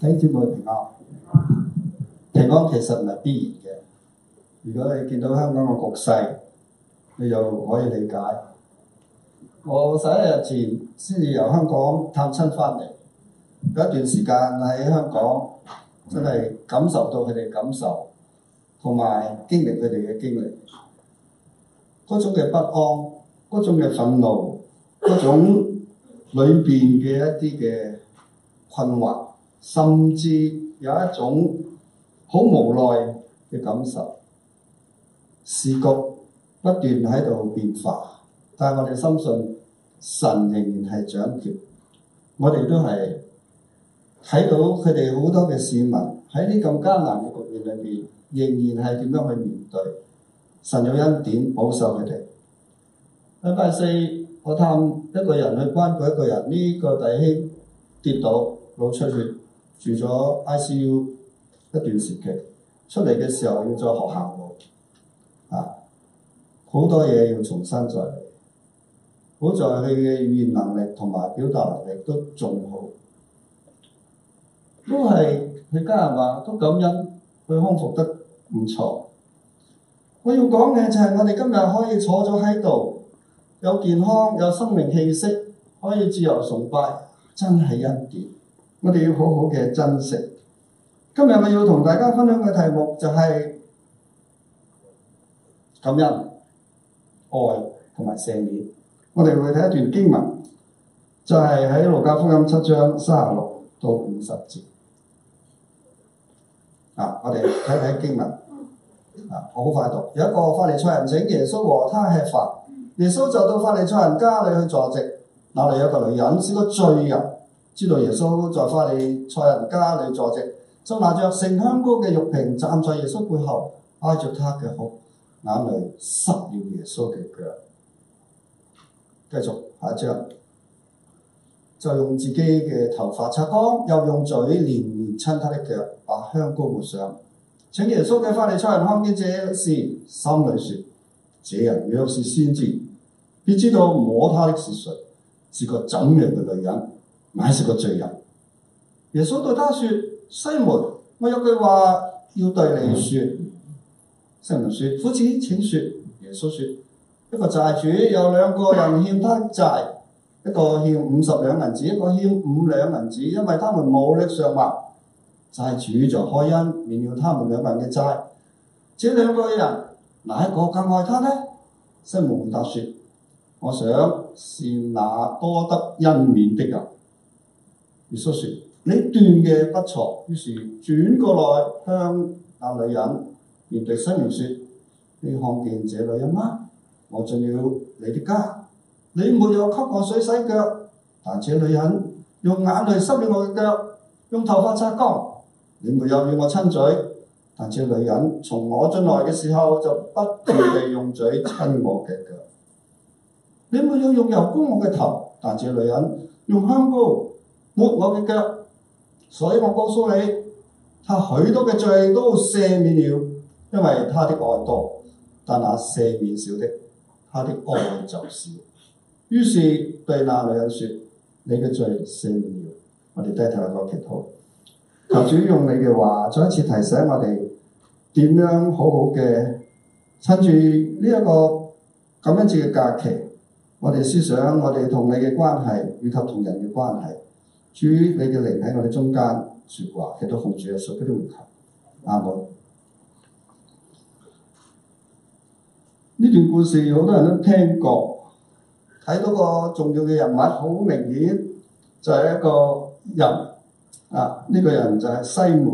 睇節目平安，平安其實唔係必然嘅。如果你見到香港嘅局勢，你又可以理解。我十一日前先至由香港探親翻嚟，有一段時間喺香港，真係感受到佢哋嘅感受，同埋經歷佢哋嘅經歷，嗰種嘅不安，嗰種嘅憤怒，嗰種裏邊嘅一啲嘅困惑。甚至有一種好無奈嘅感受，時局不斷喺度變化，但係我哋深信神仍然係掌權。我哋都係睇到佢哋好多嘅市民喺呢咁艱難嘅局面裏面，仍然係點樣去面對。神有恩典，保守佢哋。禮拜，拜四我探一個人去關顧一個人，呢、這個弟兄跌倒，腦出血。住咗 I C U 一段時期，出嚟嘅時候喺再學校度，啊，好多嘢要重新再，嚟。好在佢嘅語言能力同埋表達能力都仲好，都係佢家人話都感恩佢康復得唔錯。我要講嘅就係我哋今日可以坐咗喺度，有健康有生命氣息，可以自由崇拜，真係恩典。我哋要好好嘅珍惜。今日我要同大家分享嘅題目就係感恩、愛同埋赦免。我哋會睇一段經文，就係喺路加福音七章三十六到五十節。啊，我哋睇睇經文。啊，我好快讀。有一個法利賽人請耶穌和他吃飯，耶穌就到法利賽人家裏去坐席。那裏有一個女人是個罪人。知道耶穌在法利賽人家裏坐席，就拿着盛香膏嘅玉瓶，站在耶穌背後，挨著他嘅哭，眼淚濕了耶穌嘅腳。繼續下一章，就用自己嘅頭髮擦乾，又用嘴連連親他的腳，把、啊、香膏抹上。請耶穌嘅法利賽人看見這事，心裏説：這人若是先知，必知道摸他的是誰，是個怎樣嘅女人？乃是個罪人。耶穌對他說：西門，我有句話要對你説。嗯、西門説：夫子請説。耶穌説：一個債主有兩個人欠他債，一個欠五十兩銀子，一個欠五兩銀子，因為他們無力償還，債主就開恩免了他們兩人的債。這兩個人，哪一個更愛他呢？西門回答説：我想是那多得恩免的人。耶穌說：你斷嘅不錯。於是轉過來向那女人面對西門說： 你看見這女人嗎？我進了你的家，你沒有給我水洗腳。但這女人用眼淚濕了我嘅腳，用頭髮擦乾。你沒有要我親嘴，但這女人從我進來嘅時候就不斷地用嘴親我嘅腳。 你沒有用油膏我嘅頭，但這女人用香膏。」抹我嘅腳，所以我告訴你，他許多嘅罪都赦免了，因為他的愛多。但那赦免少的，他的愛就少、是。於是對那女人説：你嘅罪赦免了。我哋低頭嚟個祈禱，求主用你嘅話再一次提醒我哋點樣好好嘅趁住呢一個咁樣子嘅假期，我哋思想我哋同你嘅關係以及同人嘅關係。主，煮你嘅靈喺我哋中間說話，睇到奉主耶穌基督的活，冇？呢段故事好多人都聽過，睇到個重要嘅人物，好明顯就係一個人啊！呢、這個人就係西門，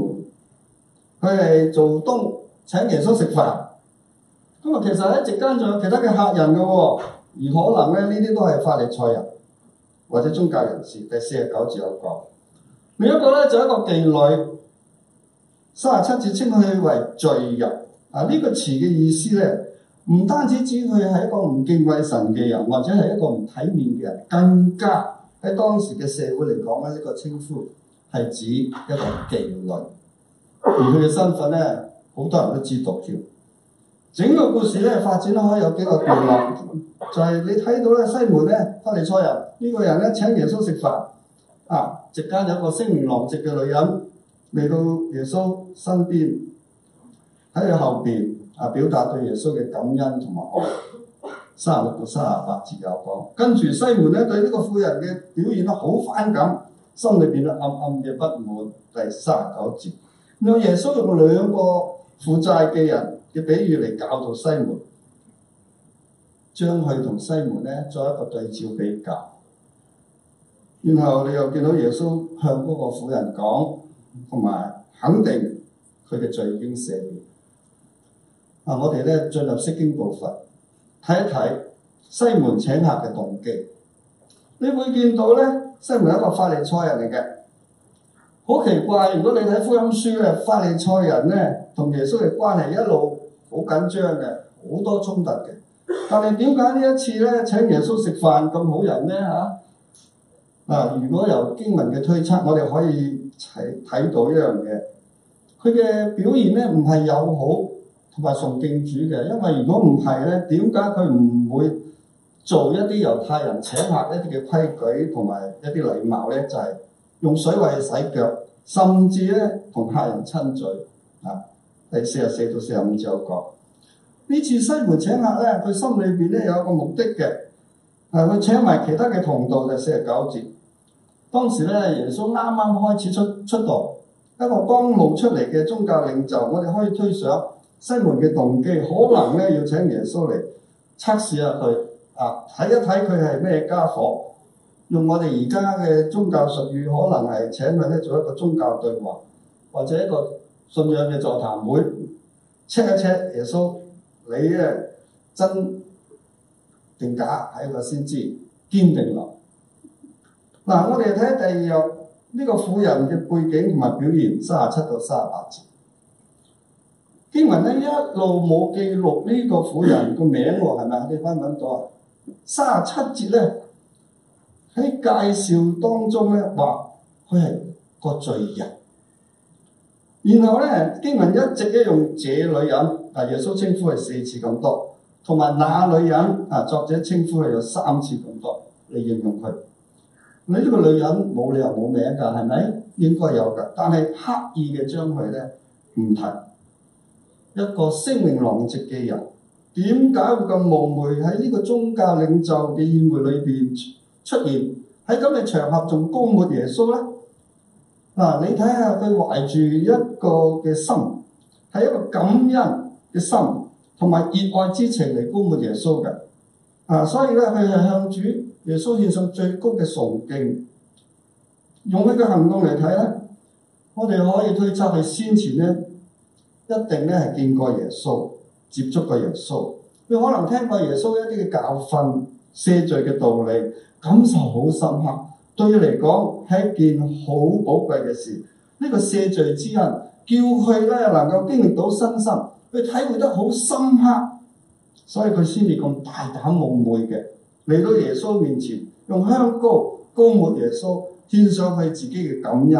佢係做東請耶穌食飯。咁啊，其實喺席間仲有其他嘅客人嘅喎、哦，而可能咧呢啲都係法利賽人。或者宗教人士，第四十九字有個另一個咧，就係一個妓女，三十七字稱佢為罪人啊。呢個詞嘅意思咧，唔單止指佢係一個唔敬畏神嘅人，或者係一個唔體面嘅人，更加喺當時嘅社會嚟講咧，呢個稱呼係指一個妓女。而佢嘅身份咧，好多人都知道。條。整個故事咧，發展開有幾個段落，就係、是、你睇到西門返法利賽、這個、人呢個人咧請耶穌食飯啊。席間有，有個聲名狼藉嘅女人嚟到耶穌身邊，喺佢後面表達對耶穌嘅感恩同埋愛。三十六到三十八節有講，跟住西門咧對呢個婦人嘅表現咧好反感，心裏面的暗暗嘅不滿。第三十九節，讓耶穌用兩個負債嘅人嘅比喻嚟你教導西門，將佢同西門咧作一個對照比較，然後你又見到耶穌向嗰個婦人講，同埋肯定佢嘅罪已經赦免。啊！我哋咧進入釋經部分，睇一睇西門請客嘅動機。你會見到咧，西門係一個法利賽人嚟嘅，好奇怪。如果你睇福音書咧，法利賽人咧同耶穌嘅關係一路好緊張嘅，好多衝突嘅。但係點解呢一次咧請耶穌食飯咁好人咧嚇？嗱、啊，如果由經文嘅推測，我哋可以睇睇到一樣嘢，佢嘅表現咧唔係友好同埋崇敬主嘅。因為如果唔係咧，點解佢唔會做一啲猶太人請客一啲嘅規矩同埋一啲禮貌咧？就係、是、用水為佢洗腳，甚至咧同客人親嘴啊！第四十四到四十五節有講，呢次西門請客咧，佢心裏邊咧有一個目的嘅。嗱，佢請埋其他嘅同道就四十九節。當時咧，耶穌啱啱開始出出道，一個剛冒出嚟嘅宗教領袖，我哋可以推想西門嘅動機，可能咧要請耶穌嚟測試下佢，啊，睇一睇佢係咩家伙。用我哋而家嘅宗教術語，可能係請佢咧做一個宗教對話，或者一個信仰嘅座談會，check 一 check 耶穌，你咧真定假睇度先知，堅定落。嗱、啊，我哋睇第二日，呢、這個婦人嘅背景同埋表現，三十七到三十八節經文咧一路冇記錄呢個婦人個名喎，係咪、嗯？你翻揾到啊？三十七節咧喺介紹當中咧話，佢係個罪人。然後呢，經文一直用這女人，啊，耶穌稱呼係四次咁多，同埋那女人，啊，作者稱呼係有三次咁多，嚟形容佢。你、這、呢個女人冇理由冇名噶，係咪？應該有噶，但係刻意嘅將佢咧唔提。一個聲名狼藉嘅人，點解會咁冒昧喺呢個宗教領袖嘅宴會裏邊出現？喺咁嘅場合仲膏抹耶穌咧？嗱、啊，你睇下佢懷住一個嘅心，係一個感恩嘅心，同埋熱愛之情嚟膏抹耶穌嘅啊，所以咧佢係向主耶穌獻上最高嘅崇敬。用呢個行動嚟睇咧，我哋可以推測佢先前咧一定咧係見過耶穌、接觸過耶穌，佢可能聽過耶穌一啲嘅教訓、赦罪嘅道理，感受好深刻。對嚟講係一件好寶貴嘅事，呢、這個赦罪之恩，叫佢咧能夠經歷到新生，佢體會得好深刻，所以佢先至咁大膽無畏嘅嚟到耶穌面前，用香膏膏抹耶穌，獻上佢自己嘅感恩。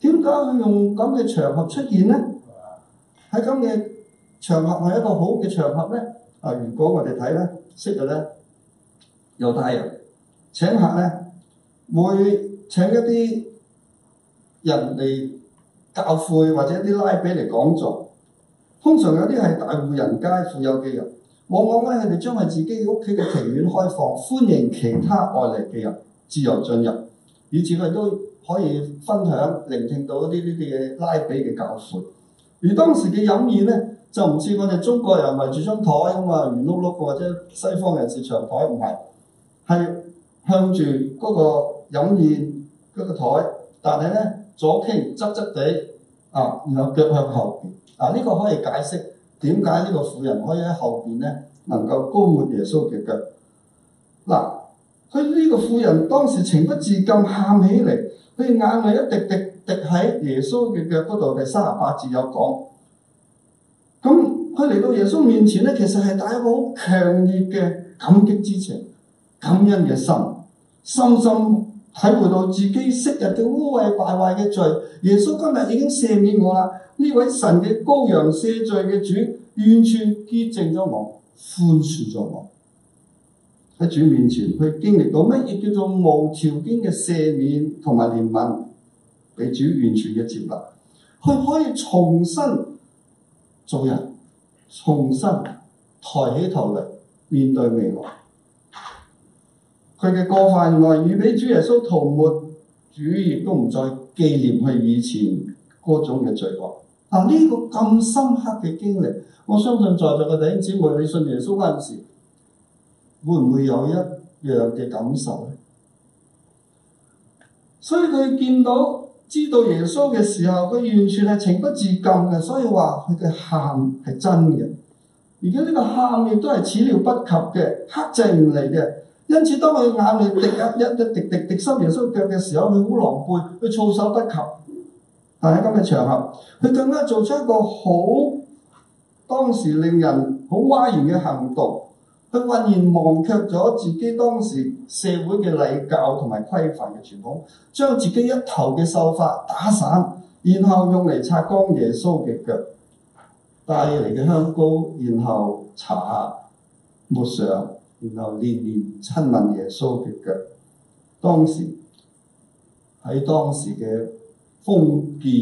點解佢用咁嘅場合出現咧？喺咁嘅場合係一個好嘅場合呢？啊！如果我哋睇呢，昔日呢，猶太人。請客咧，會請一啲人嚟教會或者一啲拉比嚟講座。通常有啲係大戶人家富有嘅人，往往咧佢哋將係自己屋企嘅庭院開放，歡迎其他外嚟嘅人自由進入，以致佢哋都可以分享聆聽到一啲呢啲嘅拉比嘅教誨。而當時嘅飲宴咧，就唔似我哋中國人圍住張台咁啊，圓碌碌或者，或者西方人士長台唔係係。向住嗰個飲宴嗰個台，但係咧左傾側側地啊，然後腳向後。嗱、啊、呢、呢個可以解釋點解呢個婦人可以喺後邊咧，能夠膏抹耶穌嘅腳。嗱、啊，佢呢個婦人當時情不自禁喊起嚟，佢眼淚一滴滴滴喺耶穌嘅腳嗰度。第三十八節有講，咁佢嚟到耶穌面前咧，其實係帶一個好強烈嘅感激之情、感恩嘅心。深深體會到自己昔日嘅污穢敗壞嘅罪，耶穌今日已經赦免我啦！呢位神嘅羔羊赦罪嘅主，完全潔淨咗我，寬恕咗我。喺主面前，佢經歷過乜嘢叫做無條件嘅赦免同埋憐憫，俾主完全嘅接納，佢可以重新做人，重新抬起頭嚟面對未來。佢嘅過犯外俾主耶穌塗抹，主亦都唔再記念佢以前各種嘅罪惡。但呢個咁深刻嘅經歷，我相信在座嘅弟兄姊妹，你信耶穌嗰陣時，會唔會有一樣嘅感受咧？所以佢見到知道耶穌嘅時候，佢完全係情不自禁嘅。所以話佢嘅喊係真嘅，而家呢個喊亦都係始料不及嘅、克制唔嚟嘅。因此，當佢眼淚滴一滴一滴滴濕耶穌腳嘅時候，佢好狼狽，佢措手不及。但喺今日場合，佢更加做出一個好當時令人好嘩然嘅行動，佢忽然忘卻咗自己當時社會嘅禮教同埋規範嘅傳統，將自己一頭嘅秀髮打散，然後用嚟擦乾耶穌嘅腳，帶嚟嘅香膏，然後搽抹上。然後年年親吻耶穌嘅腳。當時喺當時嘅封建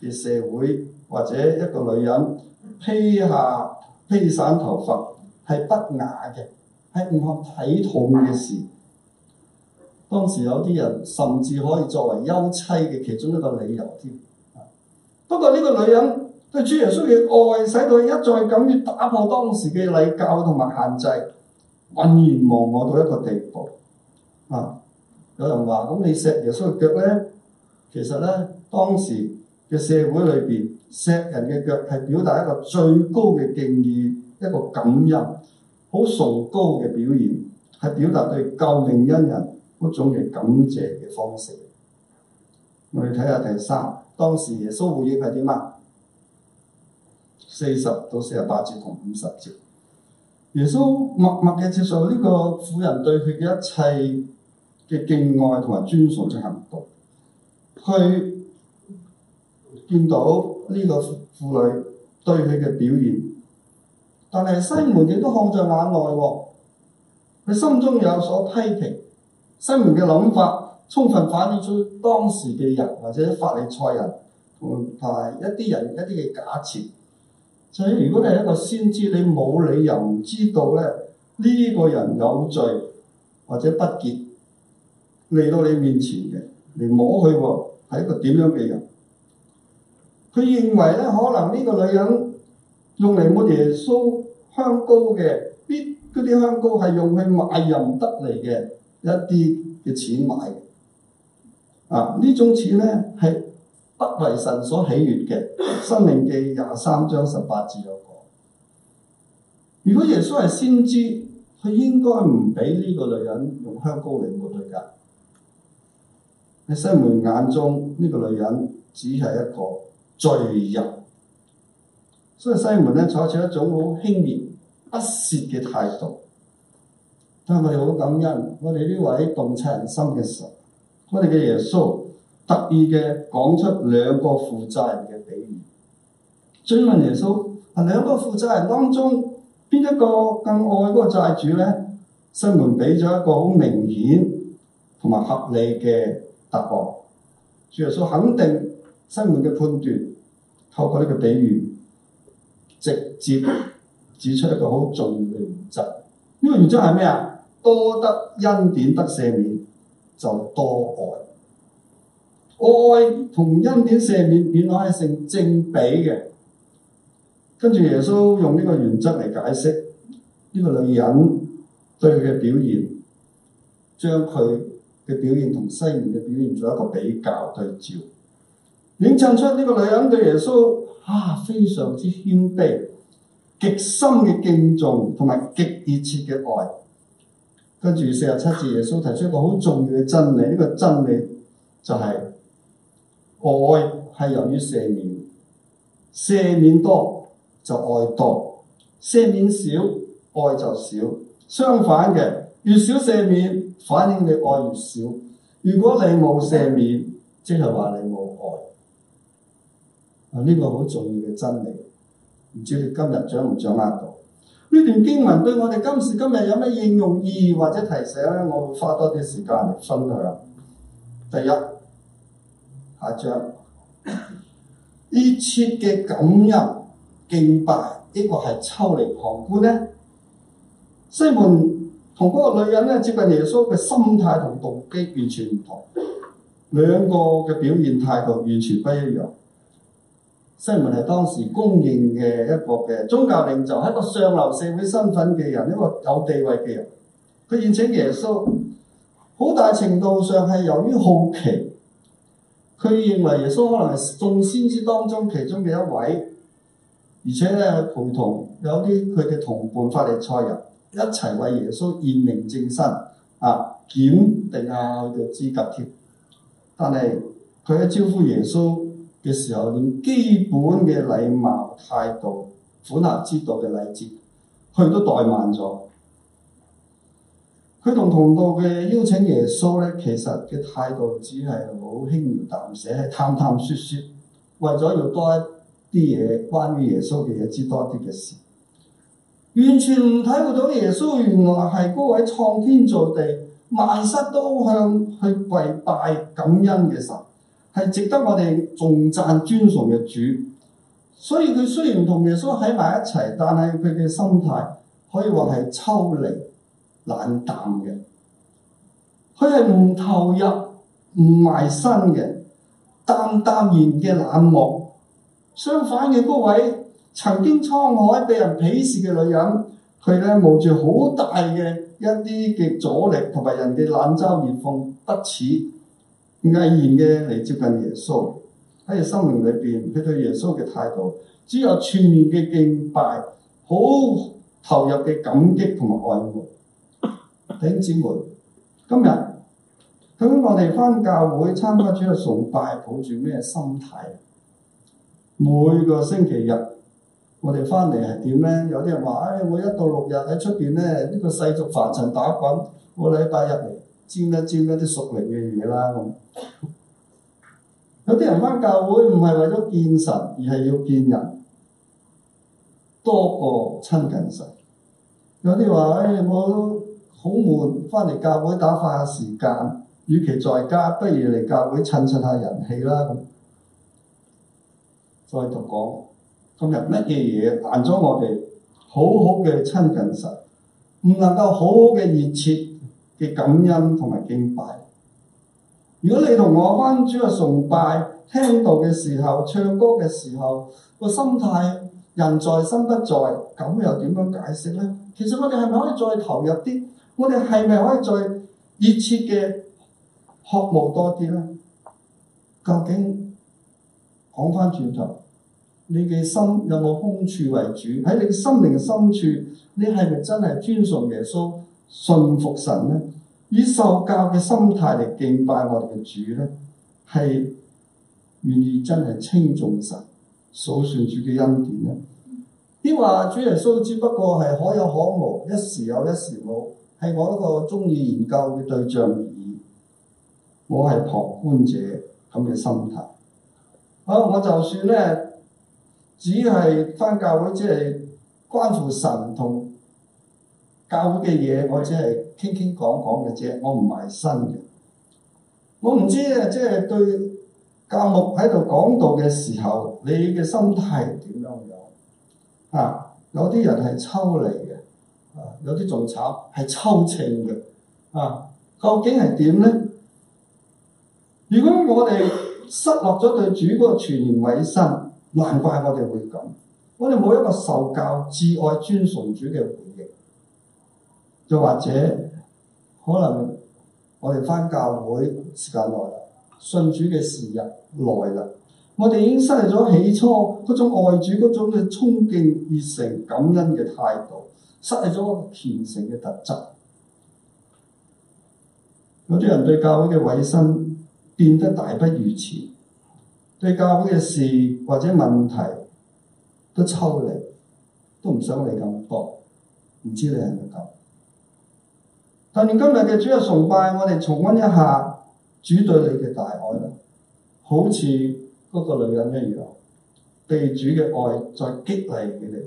嘅社會，或者一個女人披下披散頭髮係不雅嘅，係唔合體統嘅事。當時有啲人甚至可以作為休妻嘅其中一個理由添。不過呢個女人對主耶穌嘅愛，使到佢一再敢於打破當時嘅禮教同埋限制。渾然忘我到一個地步，啊！有人話，咁你錫耶穌嘅腳咧，其實咧當時嘅社會裏邊，錫人嘅腳係表達一個最高嘅敬意，一個感恩，好崇高嘅表現，係表達對救命恩人嗰種嘅感謝嘅方式。我哋睇下第三，當時耶穌回應係點啊？四十到四十八節同五十節。耶穌默默嘅接受呢個婦人對佢嘅一切嘅敬愛同埋尊崇嘅行動，佢見到呢個婦女對佢嘅表現，但係西門亦都看在眼內，佢心中有所批評。西門嘅諗法充分反映出當時嘅人或者法利賽人同埋一啲人一啲嘅假設。就係如果你係一個先知，你冇理由唔知道咧呢個人有罪或者不潔嚟到你面前嘅，嚟摸佢喎，係一個點樣嘅人？佢認為咧，可能呢個女人用嚟摸耶穌香膏嘅，必嗰啲香膏係用去賣淫得嚟嘅一啲嘅錢買啊！呢種錢咧係。不為神所喜悅嘅，申命記廿三章十八節有講。如果耶穌係先知，佢應該唔俾呢個女人用香膏嚟抹佢噶。喺西門眼中，呢、這個女人只係一個罪人，所以西門咧採取一種好輕蔑、不屑嘅態度。但係我哋好感恩，我哋呢位洞察人心嘅神，我哋嘅耶穌。特意嘅講出兩個負債人嘅比喻，追問耶穌：，啊，兩個負債人當中，邊一個更愛嗰個債主咧？西門俾咗一個好明顯同埋合理嘅答案。主耶穌肯定西門嘅判斷，透過呢個比喻，直接指出一個好重要嘅原則。呢、這個原則係咩啊？多得恩典得赦免，就多愛。愛同恩典赦免原來係成正比嘅，跟住耶穌用呢個原則嚟解釋呢、這個女人對佢嘅表現，將佢嘅表現同西面嘅表現做一個比較對照，映襯出呢個女人對耶穌啊非常之謙卑，極深嘅敬重同埋極熱切嘅愛，跟住四十七節耶穌提出一個好重要嘅真理，呢、這個真理就係、是。愛係由於赦免，赦免多就愛多，赦免少愛就少。相反嘅，越少赦免，反映你愛越少。如果你冇赦免，即係話你冇愛。啊，呢個好重要嘅真理，唔知你今日掌唔掌握到？呢段經文對我哋今時今日有咩應用意義或者提醒咧？我會花多啲時間嚟分享。第一。阿將，呢次嘅感恩敬拜，呢個係抽離旁觀呢。西門同嗰個女人咧接近耶穌嘅心態同動機完全唔同，兩個嘅表現態度完全不一樣。西門係當時公認嘅一個嘅宗教領袖，係一個上流社會身份嘅人，一個有地位嘅人。佢宴請耶穌，好大程度上係由於好奇。佢認為耶穌可能係眾先知當中其中嘅一位，而且咧陪同有啲佢嘅同伴法利賽人一齊為耶穌驗明正身啊，檢定下佢嘅資格添。但係佢喺招呼耶穌嘅時候，連基本嘅禮貌態度、款客之道嘅禮節，佢都怠慢咗。佢同同道嘅邀請耶穌咧，其實嘅態度只係好輕描淡寫，探探説説，為咗要多一啲嘢關於耶穌嘅嘢，知多啲嘅事，完全唔體會到耶穌原來係嗰位創天造地、萬物都向佢跪拜感恩嘅神，係值得我哋重讚尊崇嘅主。所以佢雖然同耶穌喺埋一齊，但係佢嘅心態可以話係抽離。冷淡嘅，佢係唔投入、唔埋身嘅淡淡然嘅冷漠。相反嘅嗰位曾經滄海被人鄙視嘅女人，佢呢冒住好大嘅一啲嘅阻力，同埋人哋冷嘲熱諷，不恥毅然嘅嚟接近耶穌，喺佢生命裏面，佢對耶穌嘅態度只有全面嘅敬拜，好投入嘅感激同埋愛慕。弟兄姊妹，今日咁我哋翻教會參加主日崇拜，抱住咩心態？每個星期日我哋翻嚟係點咧？有啲人話：誒、哎，我一到六日喺出邊咧，呢、這個世俗凡塵打滾，我禮拜日嚟沾一沾，沾一啲屬靈嘅嘢啦。咁有啲人翻教會唔係為咗見神，而係要見人，多過親近神。有啲話：誒、哎，我。好悶，翻嚟教會打發下時間。與其在家，不如嚟教會襯襯下人氣啦。咁再續講，今日乜嘢嘢難咗我哋，好好嘅親近神，唔能夠好好嘅熱切嘅感恩同埋敬拜。如果你同我翻主日崇拜，聽道嘅時候、唱歌嘅時候，個心態人在心不在，咁又點樣解釋咧？其實我哋係咪可以再投入啲？我哋係咪可以再熱切嘅渴望多啲呢？究竟講返轉頭，你嘅心有冇空處為主？喺你嘅心靈深處，你係咪真係尊崇耶穌、信服神呢？以受教嘅心態嚟敬拜我哋嘅主呢？係願意真係稱重神、數算主嘅恩典呢？啲話主耶穌只不過係可有可無，一時有一時冇。係我一個中意研究嘅對象，而我係旁觀者咁嘅心態。好，我就算咧，只係翻教會，只係關乎神同教會嘅嘢，我只係傾傾講講嘅啫，我唔係新嘅。我唔知咧，即係對教牧喺度講道嘅時候，你嘅心態點樣樣？啊，有啲人係抽離有啲仲慘係秋秤嘅啊！究竟係點咧？如果我哋失落咗對主嗰個全然委身，難怪我哋會咁。我哋冇一個受教、至愛、尊崇主嘅回應，又或者可能我哋返教會時間耐啦，信主嘅時日耐啦，我哋已經失去咗起初嗰種愛主嗰種嘅憧憬、熱誠、感恩嘅態度。失去咗一個虔誠嘅特質，有啲人對教會嘅委身變得大不如前，對教會嘅事或者問題都抽離，都唔想理咁多，唔知你係咪咁？但願今日嘅主日崇拜，我哋重溫一下主對你嘅大愛，好似嗰個女人一樣，被主嘅愛再激勵佢哋，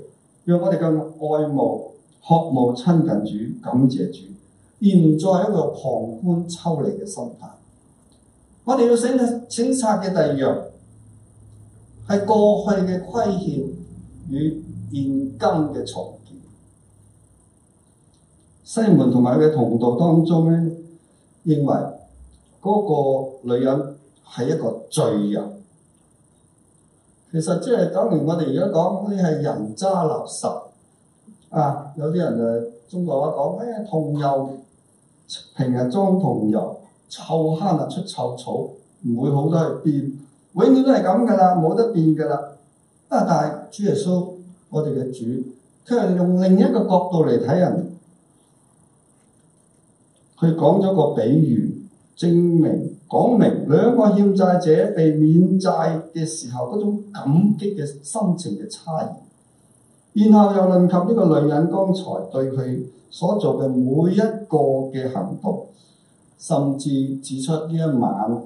讓我哋更愛慕。渴望親近主，感謝主，而唔再一個旁觀抽離嘅心態。我哋要省察嘅第二樣係過去嘅虧欠與現今嘅重建。西門同埋佢嘅同道當中咧，認為嗰個女人係一個罪人。其實即係等於，我哋而家講呢係人渣垃圾。啊！有啲人誒，中國話講，哎呀，銅油平日裝銅油，臭坑、啊、出臭草，唔會好多去變，永遠都係咁㗎啦，冇得變㗎啦。啊！但係主耶穌，我哋嘅主，佢係用另一個角度嚟睇人，佢講咗個比喻，證明講明兩個欠債者被免債嘅時候嗰種感激嘅心情嘅差異。然後又論及呢個女人，剛才對佢所做嘅每一個嘅行動，甚至指出呢一晚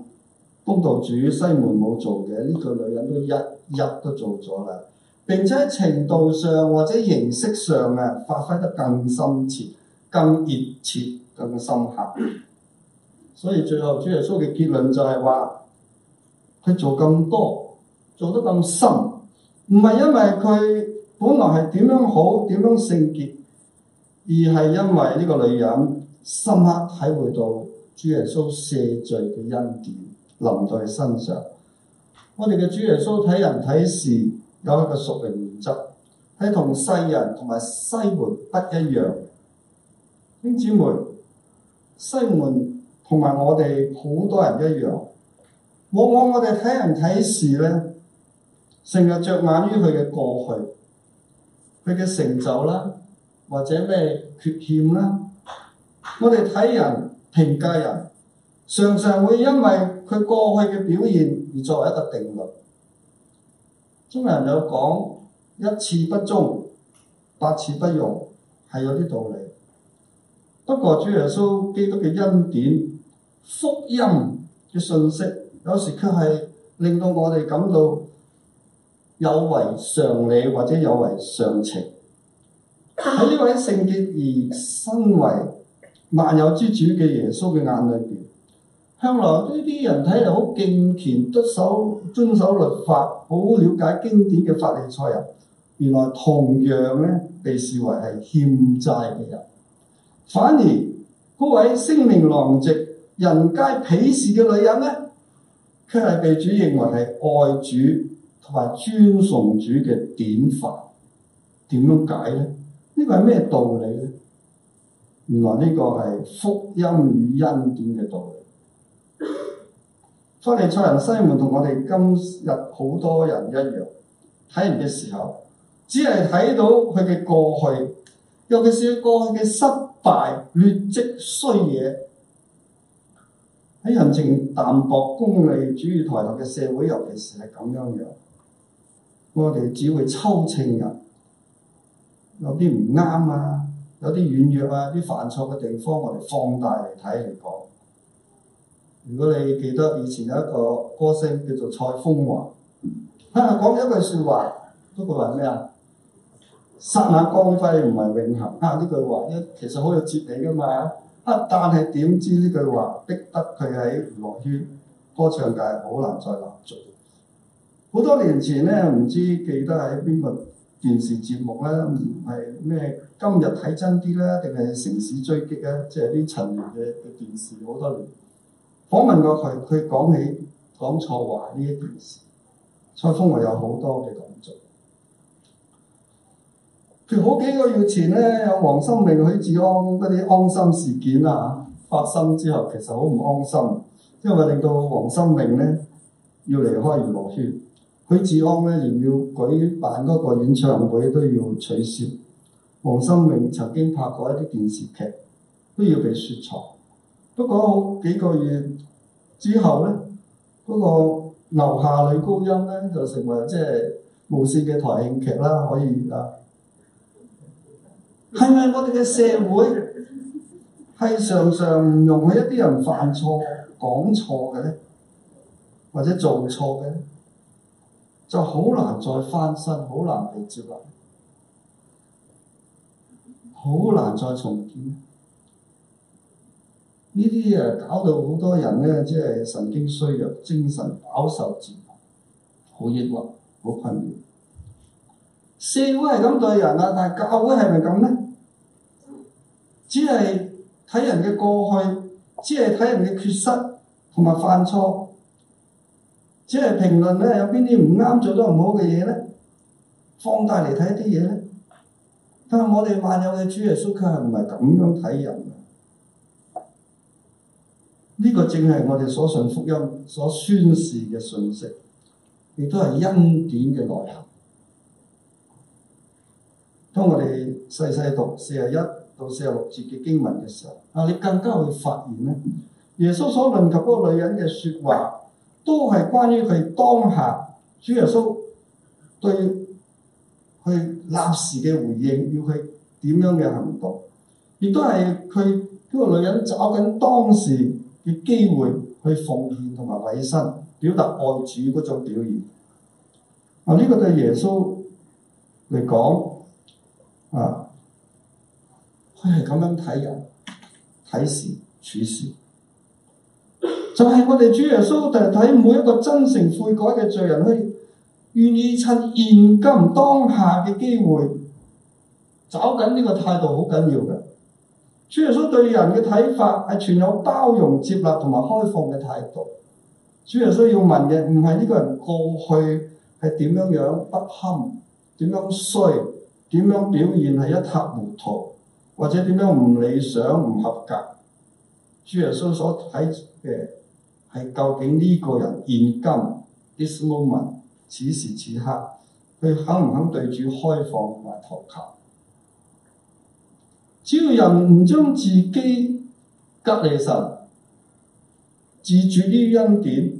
東道主西門冇做嘅呢、這個女人都一,一日都做咗啦。並且喺程度上或者形式上啊，發揮得更深切、更熱切、更深刻。所以最後主耶穌嘅結論就係話，佢做咁多，做得咁深，唔係因為佢。本來係點樣好，點樣聖潔，而係因為呢個女人深刻體會到主耶穌赦罪嘅恩典臨在身上。我哋嘅主耶穌睇人睇事有一個屬靈原則，係同世人同埋西門不一樣。兄姊妹，西門同埋我哋好多人一樣，往往我哋睇人睇事咧，成日着眼於佢嘅過去。佢嘅成就啦，或者咩缺陷啦，我哋睇人評價人，常常會因為佢過去嘅表現而作為一個定律。中國人有講，一次不忠，百次不容，係有啲道理。不過主耶穌基督嘅恩典、福音嘅信息，有時卻係令到我哋感到。有違常理或者有違常情，喺呢位聖潔而身為萬有之主嘅耶穌嘅眼裏邊，向來呢啲人睇嚟好敬虔、遵守遵守律法、好了解經典嘅法利賽人，原來同樣咧被視為係欠債嘅人。反而嗰位聲名狼藉、人皆鄙視嘅女人咧，卻係被主認為係愛主。同埋尊崇主嘅典範，點樣解咧？呢、這個係咩道理咧？原來呢個係福音與恩典嘅道理。法利賽人西門同我哋今日好多人一樣，睇人嘅時候，只係睇到佢嘅過去，尤其是佢過去嘅失敗、劣跡、衰嘢。喺人情淡薄、功利主義、抬頭嘅社會，尤其是係咁樣樣。我哋只會抽秤人，有啲唔啱啊，有啲軟弱啊，啲犯錯嘅地方，我哋放大嚟睇嚟講。如果你記得以前有一個歌星叫做蔡楓華，講、啊、咗一句説話，都講話咩啊？霎眼光輝唔係永恆啊！呢句話咧其實好有哲理噶嘛啊！但係點知呢句話逼得佢喺娛樂圈、歌唱界好難再立足。好多年前咧，唔知記得喺邊個電視節目咧，唔係咩今日睇真啲咧，定係城市追擊咧，即係啲陳年嘅嘅電視。好多年訪問過佢，佢講起講錯話呢一件事。蔡楓華有好多嘅講做，佢好幾個月前咧，有黃心穎許志安嗰啲安心事件啊發生之後，其實好唔安心，因為令到黃心穎咧要離開娛樂圈。許志安咧，連要舉辦嗰個演唱會都要取消。黃心穎曾經拍過一啲電視劇，都要被雪藏。不過好幾個月之後咧，嗰、那個樓下女高音咧就成為即係無線嘅台慶劇啦，可以啊？係咪我哋嘅社會係常常唔容許一啲人犯錯、講錯嘅咧，或者做錯嘅咧？就好難再翻身，好難被接納，好難再重建。呢啲搞到好多人呢即係神經衰弱、精神飽受折磨，好抑鬱、好困擾。社會係咁對人啦、啊，但係教會係咪咁咧？只係睇人嘅過去，只係睇人嘅缺失同埋犯錯。即係評論咧，有邊啲唔啱、做得唔好嘅嘢咧？放大嚟睇一啲嘢咧，但係我哋萬有嘅主耶穌佢係唔係咁樣睇人？呢個正係我哋所信福音所宣示嘅信息，亦都係恩典嘅內涵。當我哋細細讀四十一到四十六節嘅經文嘅時候，啊，你更加會發現咧，耶穌所論及嗰個女人嘅説話。都係關於佢當下，主耶穌對佢立時嘅回應，要佢點樣嘅行動，亦都係佢嗰個女人找緊當時嘅機會去奉獻同埋委身，表達愛主嗰種表現。啊，呢、這個對耶穌嚟講，啊，佢係咁樣睇人、睇事、處事。就係我哋主耶穌，就係睇每一個真誠悔改嘅罪人可以，願意趁現今當下嘅機會，找緊呢個態度好緊要嘅。主耶穌對人嘅睇法係存有包容、接納同埋開放嘅態度。主耶穌要問嘅唔係呢個人過去係點樣樣不堪、點樣衰、點樣表現係一塌糊塗，或者點樣唔理想、唔合格。主耶穌所睇嘅。係究竟呢個人現今 this moment 此時此刻，佢肯唔肯對主開放同埋投靠？只要人唔將自己隔離神，自絕於恩典，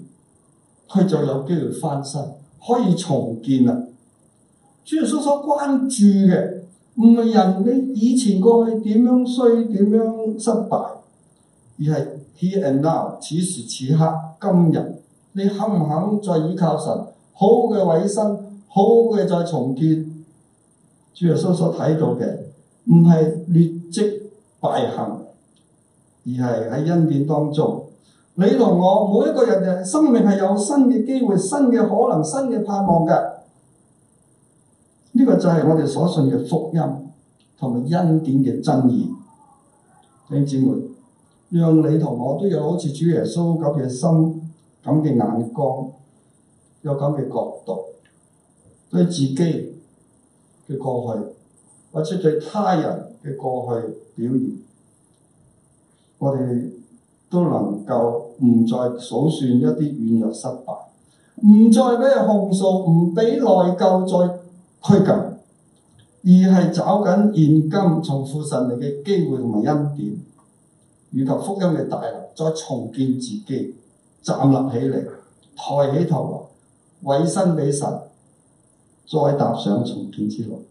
佢就有機會翻身，可以重建啦。主要叔叔關注嘅唔係人你以前過去點樣衰、點樣失敗，而係。Here and now，此時此刻今日，你肯唔肯再倚靠神？好嘅委身，好嘅再重建。主耶穌所睇到嘅，唔係劣跡敗行，而係喺恩典當中。你同我每一個人嘅生命係有新嘅機會、新嘅可能、新嘅盼望嘅。呢、這個就係我哋所信嘅福音同埋恩典嘅真義。弟兄姊妹。讓你同我都有好似主耶穌咁嘅心、咁嘅眼光、有咁嘅角度，對自己嘅過去或者對他人嘅過去表現，我哋都能夠唔再數算一啲軟弱失敗，唔再畀控訴，唔俾內疚再拘禁，而係找緊現今重複神力嘅機會同埋恩典。要求福音嘅大能再重建自己，站立起嚟，抬起頭來，委身俾神，再踏上重建之路。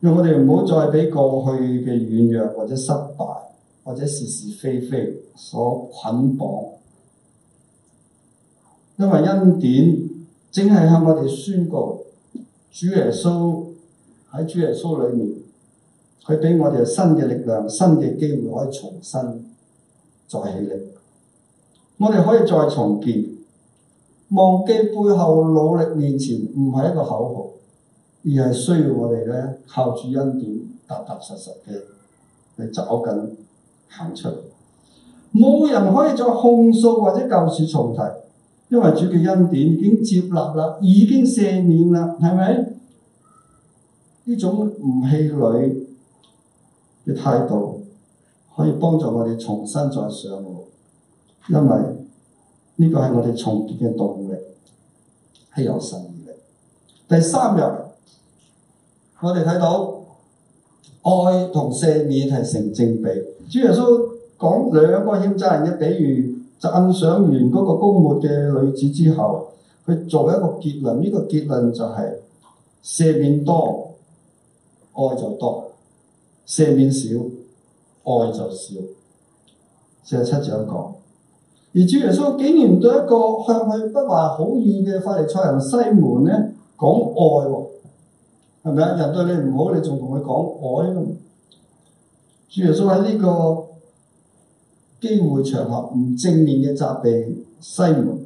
讓我哋唔好再俾過去嘅軟弱或者失敗或者是是非非所捆綁，因為恩典正係向我哋宣告，主耶穌喺主耶穌裏面。佢俾我哋新嘅力量、新嘅機會，可以重新再起嚟。我哋可以再重建。忘記背後，努力面前唔係一個口號，而係需要我哋咧靠住恩典，踏踏實實嘅嚟走緊行出嚟。冇人可以再控訴或者舊事重提，因為主嘅恩典已經接納啦，已經赦免啦，係咪？呢種唔氣餒。嘅態度可以幫助我哋重新再上路，因為呢個係我哋重建嘅動力，係有神力。第三日，我哋睇到愛同赦免係成正比。主耶穌講兩個欠債人嘅比喻，讚賞完嗰個膏抹嘅女子之後，佢做一個結論，呢、這個結論就係赦免多，愛就多。赦免少，愛就少。四十七章講，而主耶穌竟然對一個向佢不懷好意嘅法利賽人西門咧講愛喎、啊，係咪人對你唔好，你仲同佢講愛、啊？主耶穌喺呢個機會場合唔正面嘅責備西門，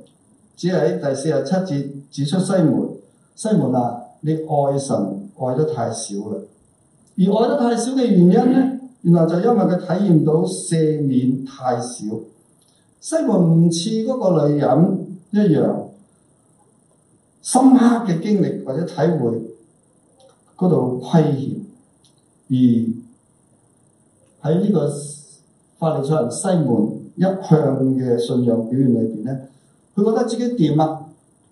只係喺第四十七節指出西門，西門啊，你愛神愛得太少啦。而愛得太少嘅原因咧，原來就因為佢體驗到赦免太少。西門唔似嗰個女人一樣深刻嘅經歷或者體會嗰度虧欠，而喺呢個法利賽人西門一向嘅信仰表現裏邊咧，佢覺得自己掂啊！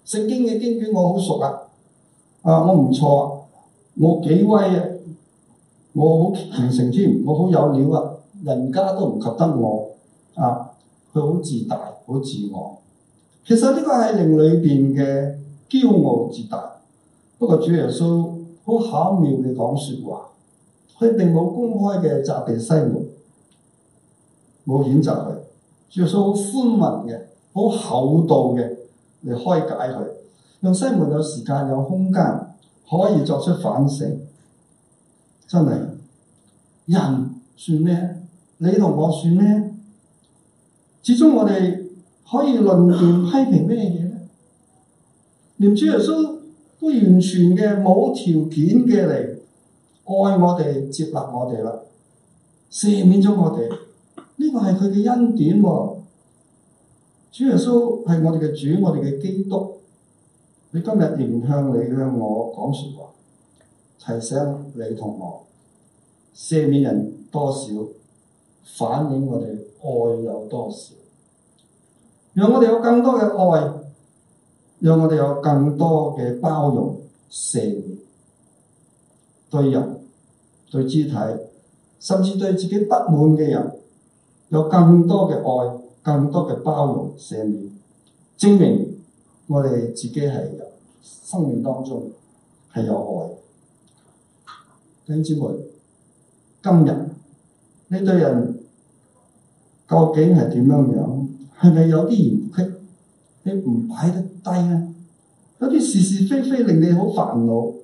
聖經嘅經卷我好熟啊！啊，我唔錯啊！我幾威啊！我好虔誠之，我好有料啊！人家都唔及得我啊！佢好自大，好自我。其實呢個係靈裏邊嘅驕傲自大。不過主耶穌好巧妙地講說話，佢並冇公開嘅責備西門，冇譴責佢。主耶穌好寬容嘅，好厚道嘅嚟開解佢，用西門有時間有空間可以作出反省。真係，人算咩？你同我算咩？始終我哋可以論斷批評咩嘢咧？連主耶穌都完全嘅冇條件嘅嚟愛我哋接納我哋啦，赦免咗我哋。呢、這個係佢嘅恩典喎、哦。主耶穌係我哋嘅主，我哋嘅基督。你今日仍向你向我講說話。提醒你同學，赦免人多少，反映我哋愛有多少。讓我哋有更多嘅愛，讓我哋有更多嘅包容、赦免對人、對肢體，甚至對自己不滿嘅人，有更多嘅愛、更多嘅包容、赦免，證明我哋自己係生命當中係有愛。弟兄們，今日你對人究竟係點樣樣？係咪有啲嫌隙？你唔擺得低啊？有啲是是非非令你好煩惱，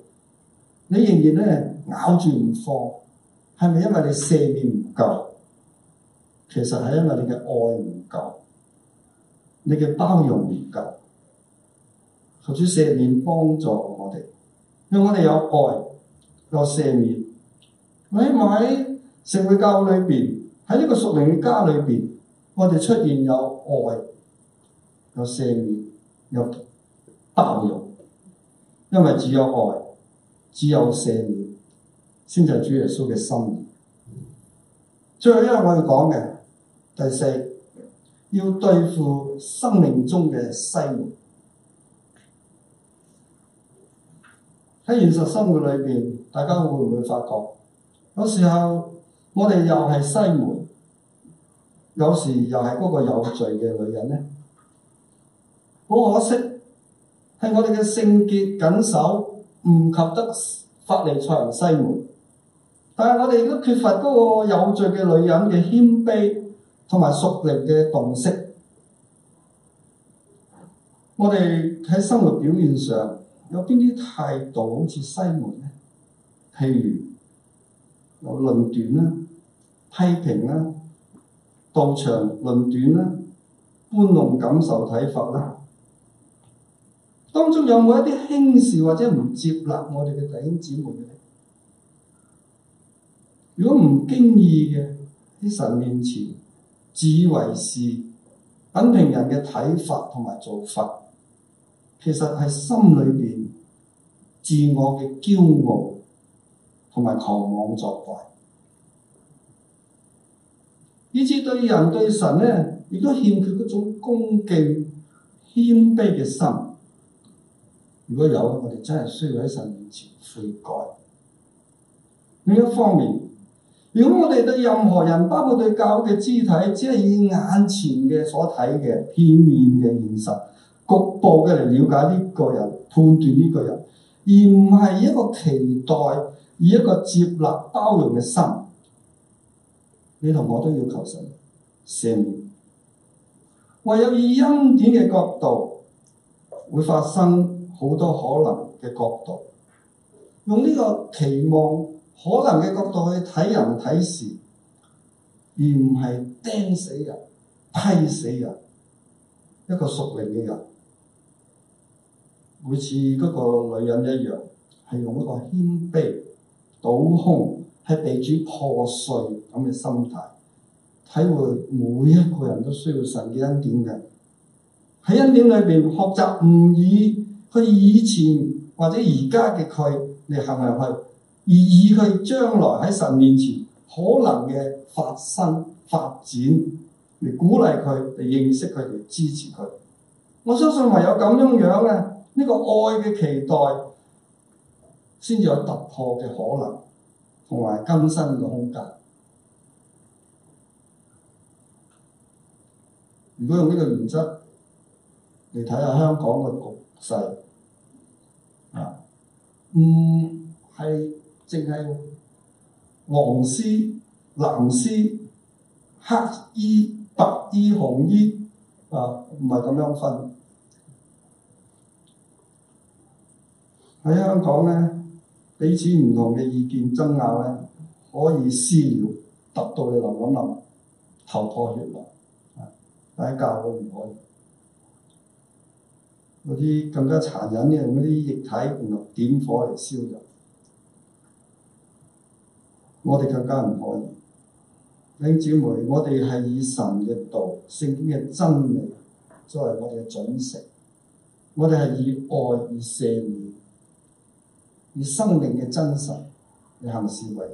你仍然咧咬住唔放，係咪因為你赦免唔夠？其實係因為你嘅愛唔夠，你嘅包容唔夠。求主赦免幫助我哋，因為我哋有愛。有赦免，喺埋喺成個教會裏面，喺呢個屬靈嘅家裏面，我哋出現有愛，有赦免，有包容，因為只有愛，只有赦免，先係主耶穌嘅心意。最後一樣我要講嘅，第四，要對付生命中嘅罪。喺現實生活裏面，大家會唔會發覺，有時候我哋又係西門，有時又係嗰個有罪嘅女人呢？好可惜，係我哋嘅聖潔謹守唔及得法利賽人西門，但係我哋亦都缺乏嗰個有罪嘅女人嘅謙卑同埋熟練嘅洞識。我哋喺生活表現上。有邊啲態度好似西門咧？譬如有論斷啦、啊、批評啦、啊、道長論短啦、啊、寬容感受睇法啦、啊，當中有冇一啲輕視或者唔接納我哋嘅弟兄姊妹咧？如果唔經意嘅喺神面前自以為是、品評人嘅睇法同埋做法，其實係心裏邊。自我嘅驕傲同埋狂妄作怪，以至對人對神咧，亦都欠缺嗰種恭敬謙卑嘅心。如果有，我哋真係需要喺神面前悔改。另一方面，如果我哋對任何人，包括對教會嘅肢體，只係以眼前嘅所睇嘅片面嘅現實，局部嘅嚟了解呢個人，判斷呢個人。而唔係一個期待，以一個接納包容嘅心，你同我都要求神，神唯有以恩典嘅角度，會發生好多可能嘅角度，用呢個期望可能嘅角度去睇人睇事，而唔係釘死人、批死人，一個屬靈嘅人。每次嗰個女人一樣，係用一個謙卑、倒空、被主破碎咁嘅心態，體會每一個人都需要神嘅恩典嘅喺恩典裏邊學習。唔以佢以前或者而家嘅佢嚟行入去，而以佢將來喺神面前可能嘅發生發展嚟鼓勵佢，嚟認識佢，嚟支持佢。我相信唯有咁樣樣啊，呢個愛嘅期待先至有突破嘅可能，同埋更新嘅空間。如果用呢個原則嚟睇下香港嘅局勢，啊，嗯，係淨係黃絲、藍絲、黑衣、白衣、紅衣啊，唔係咁樣分。喺香港咧，彼此唔同嘅意見爭拗咧，可以私了，達到你淋淋淋，頭破血流，啊！但係教會唔可以，嗰啲更加殘忍嘅用啲液體同埋點火嚟燒人，我哋更加唔可以。弟兄姊妹，我哋係以神嘅道、聖經嘅真理作為我哋嘅準繩，我哋係以愛而赦免。以生命嘅真實，嚟行示威。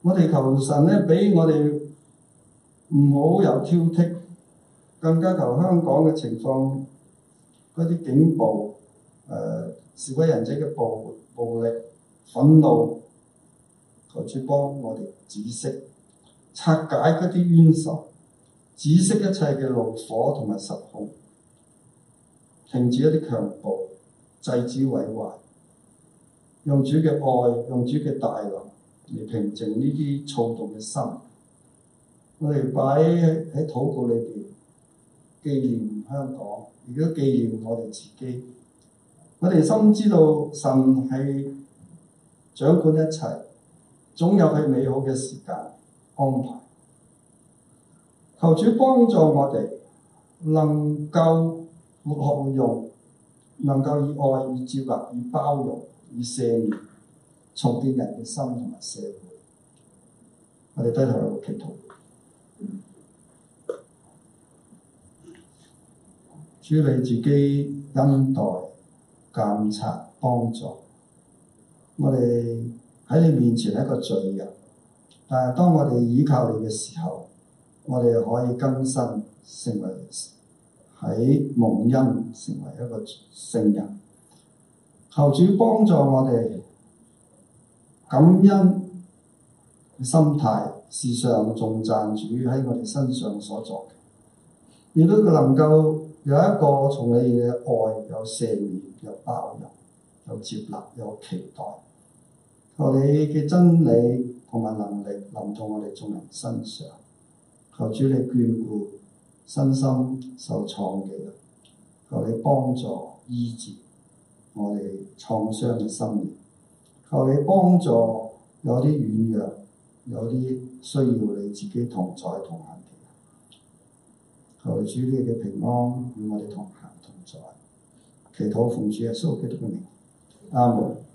我哋求神咧，俾我哋唔好有挑剔，更加求香港嘅情況嗰啲警暴，誒、呃，示威人者嘅暴暴力、憤怒，求主幫我哋止息、拆解嗰啲冤仇，止息一切嘅怒火同埋失控，停止一啲強暴。制止毀壞，用主嘅愛，用主嘅大能嚟平靜呢啲躁動嘅心。我哋擺喺禱告裏邊，紀念香港，亦都紀念我哋自己。我哋深知道神係掌管一切，總有佢美好嘅時間安排。求主幫助我哋能夠包容。能夠以愛、以接納、以包容、以赦免，重建人嘅心同埋社會。我哋低頭祈禱，處理自己、恩待、監察、幫助。我哋喺你面前係一個罪人，但係當我哋依靠你嘅時候，我哋可以更新成為。喺蒙恩成為一個聖人，求主幫助我哋感恩心態，事上仲讚主喺我哋身上所作嘅。亦都能夠有一個從你嘅愛有，有赦免，有包容，有接納，有期待。求你嘅真理同埋能力臨到我哋眾人身上，求主你眷顧。身心受創嘅人，求你幫助醫治我哋創傷嘅心靈，求你幫助有啲軟弱，有啲需要你自己同在同行嘅人，求你主嘅嘅平安與我哋同行同在，祈禱奉主耶穌基督嘅名，阿門。